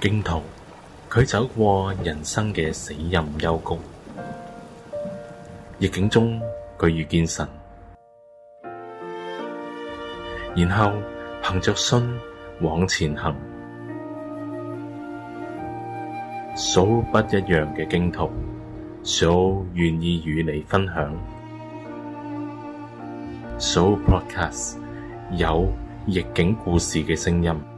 荊徒，佢走過人生嘅死蔭幽谷，逆境中佢遇見神，然後憑着信往前行。數不一樣嘅荊徒，數願意與你分享。數 Podcast 有逆境故事嘅聲音。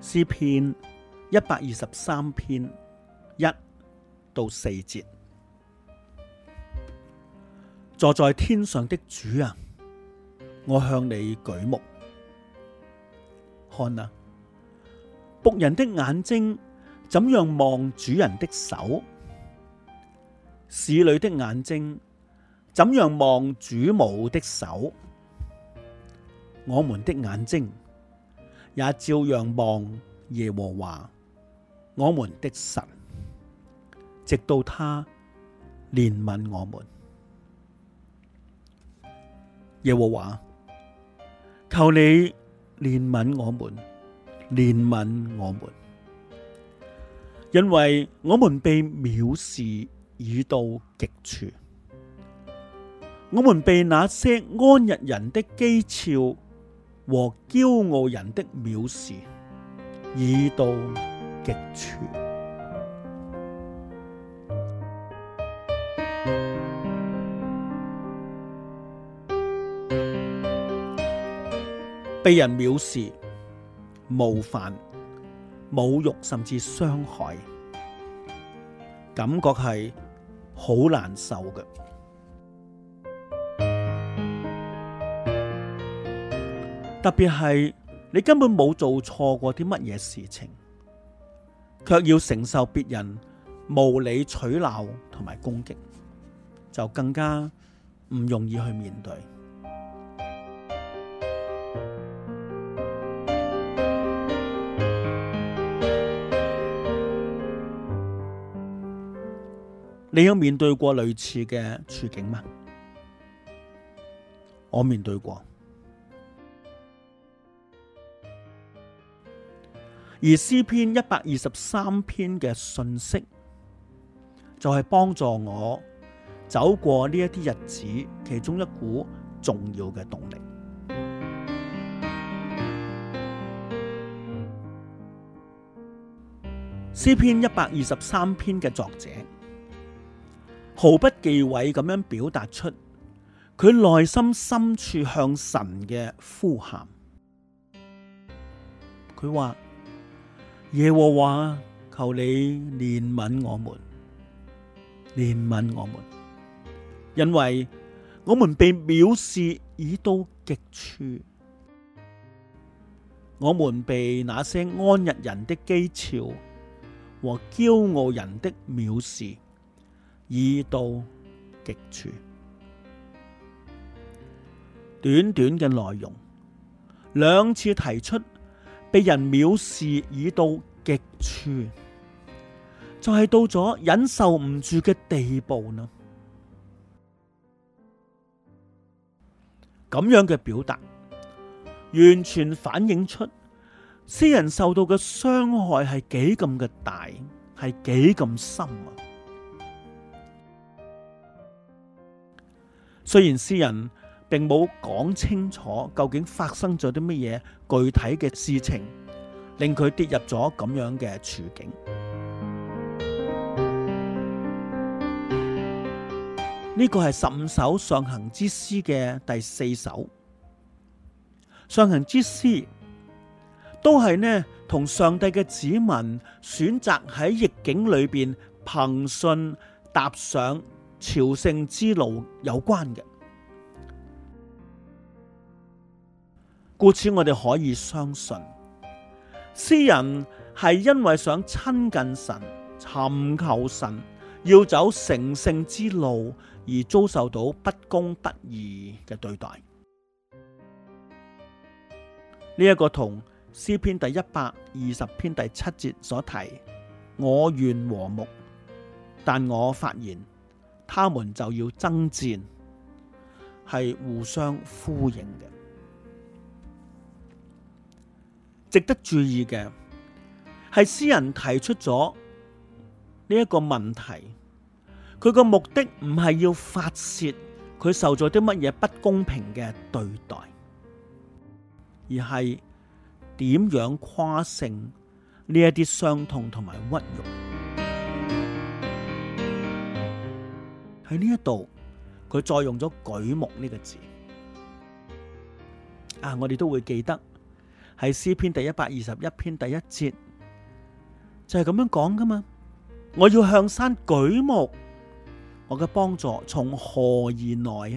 詩篇一百二十三篇一到四節，坐在天上的主啊，我向你舉目，看啊，僕人的眼睛怎樣望主人的手，使女的眼睛怎樣望主母的手，我們的眼睛。也照樣望耶和華我們的神，直到他憐憫我們。耶和華，求你憐憫我們，憐憫我們，因為我們被藐視已到極處，我們被那些安逸人的譏誚。和驕傲人的藐視已到極處，被人藐視、冒犯、侮辱，甚至傷害，感覺係好難受㗎。特別係你根本冇做錯過啲乜嘢事情，卻要承受別人無理取鬧同埋攻擊，就更加唔容易去面對。你有面對過類似嘅處境嗎？我面對過。而詩篇一百二十三篇嘅信息，就係幫助我走過呢一啲日子其中一股重要嘅動力。詩篇一百二十三篇嘅作者毫不忌諱咁樣表達出佢內心深處向神嘅呼喊。佢話：耶和華，求你憐憫我們，憐憫我們，因為我們被藐視已到極處，我們被那些安逸人的譏嘲和驕傲人的藐視已到極處。短短嘅內容，兩次提出被人藐視已到。極處，就係、是、到咗忍受唔住嘅地步呢，咁樣嘅表達，完全反映出詩人受到嘅傷害係幾咁嘅大，係幾咁深啊！雖然詩人並冇講清楚究竟發生咗啲乜嘢具體嘅事情。令佢跌入咗咁樣嘅處境，這是。呢個係十五首上行之詩嘅第四首。上行之詩都係呢，同上帝嘅子民選擇喺逆境裏邊憑信踏上朝聖之路有關嘅。故此，我哋可以相信。詩人係因為想親近神、尋求神、要走成聖之路，而遭受到不公不義嘅對待。呢、這、一個同詩篇第一百二十篇第七節所提：我願和睦，但我發現他們就要爭戰，係互相呼應嘅。值得注意嘅係，詩人提出咗呢一個問題，佢個目的唔係要發洩佢受咗啲乜嘢不公平嘅對待，而係點樣誇勝呢一啲傷痛同埋屈辱。喺呢一度，佢再用咗舉目呢個字，啊，我哋都會記得。係詩篇第一百二十一篇第一節就係咁樣講噶嘛，我要向山舉目，我嘅幫助從何而來啊？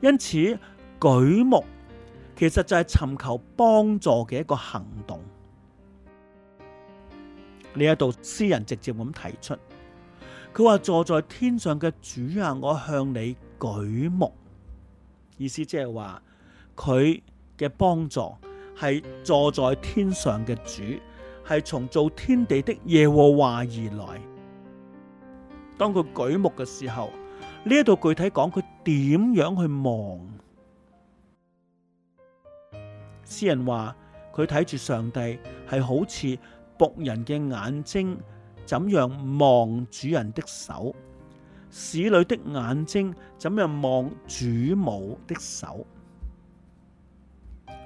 因此舉目其實就係尋求幫助嘅一個行動。呢一度詩人直接咁提出，佢話坐在天上嘅主啊，我向你舉目，意思即係話佢。嘅幫助係坐在天上嘅主，係從造天地的耶和華而來。當佢舉目嘅時候，呢一度具體講佢點樣去望。詩人話佢睇住上帝，係好似僕人嘅眼睛怎樣望主人的手，使女的眼睛怎樣望主母的手。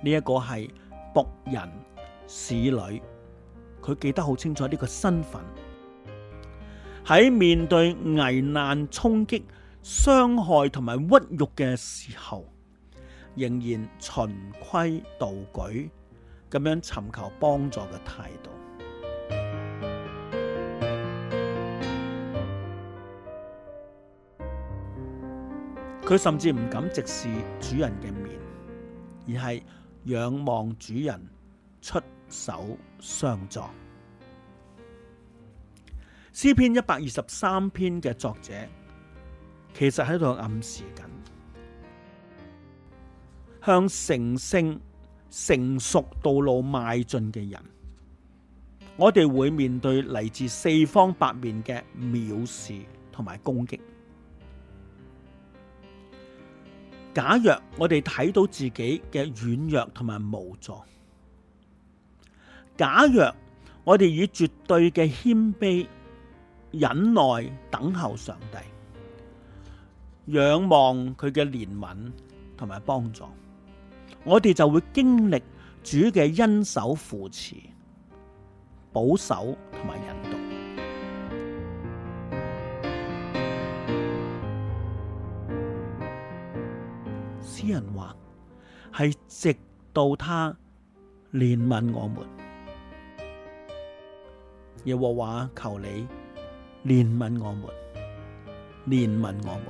呢一個係僕人侍女，佢記得好清楚呢個身份。喺面對危難、衝擊、傷害同埋屈辱嘅時候，仍然循規蹈矩咁樣尋求幫助嘅態度。佢甚至唔敢直視主人嘅面，而係。仰望主人出手相助。詩篇一百二十三篇嘅作者，其實喺度暗示緊，向成聖成熟道路邁進嘅人，我哋會面對嚟自四方八面嘅藐視同埋攻擊。假若我哋睇到自己嘅軟弱同埋無助，假若我哋以絕對嘅謙卑、忍耐、等候上帝，仰望佢嘅憐憫同埋幫助，我哋就會經歷主嘅恩手扶持、保守同埋。人話係直到他憐憫我們，耶和華求你憐憫我們，憐憫我們。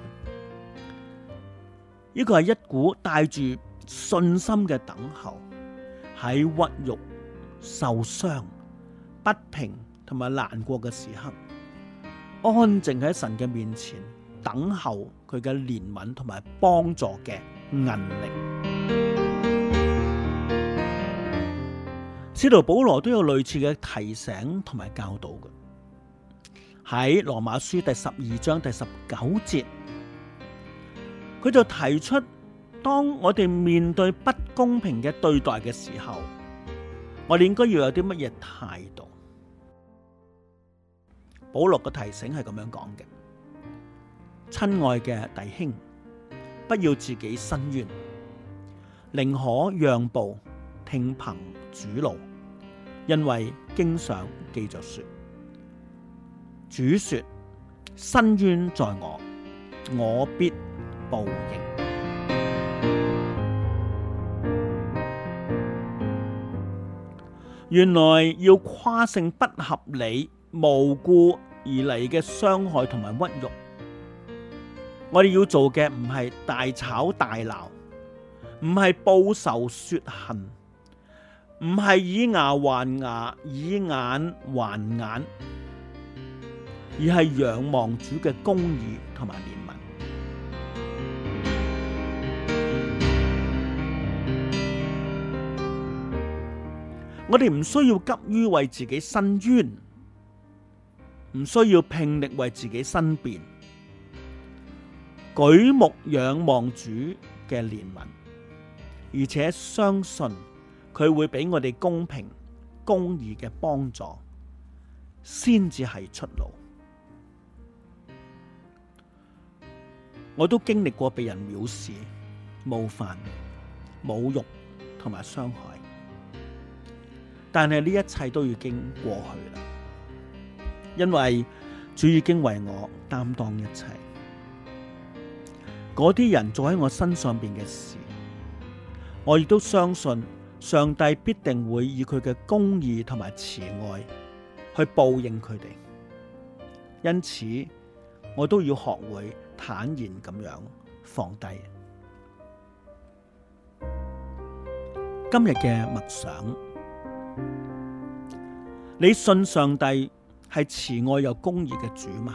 呢個係一股帶住信心嘅等候，喺屈辱、受傷、不平同埋難過嘅時刻，安靜喺神嘅面前等候佢嘅憐憫同埋幫助嘅。毅力。使徒保羅都有類似嘅提醒同埋教導嘅，喺羅馬書第十二章第十九節，佢就提出，當我哋面對不公平嘅對待嘅時候，我哋應該要有啲乜嘢態度？保羅嘅提醒係咁樣講嘅：親愛嘅弟兄。不要自己伸冤，寧可讓步，聽憑主怒。因為經常記着說，主說伸冤在我，我必報應。原來要誇勝不合理、無故而嚟嘅傷害同埋屈辱。我哋要做嘅唔係大吵大鬧，唔係報仇雪恨，唔係以牙還牙、以眼還眼，而係仰望主嘅公義同埋憐憫。我哋唔需要急於為自己申冤，唔需要拼力為自己申辯。舉目仰望主嘅憐憫，而且相信佢會俾我哋公平公義嘅幫助，先至係出路。我都經歷過被人藐視、冒犯、侮辱、同埋傷害，但係呢一切都已經過去啦，因為主已經為我擔當一切。嗰啲人做喺我身上邊嘅事，我亦都相信上帝必定會以佢嘅公義同埋慈愛去報應佢哋。因此，我都要學會坦然咁樣放低。今日嘅默想，你信上帝係慈愛又公義嘅主嗎？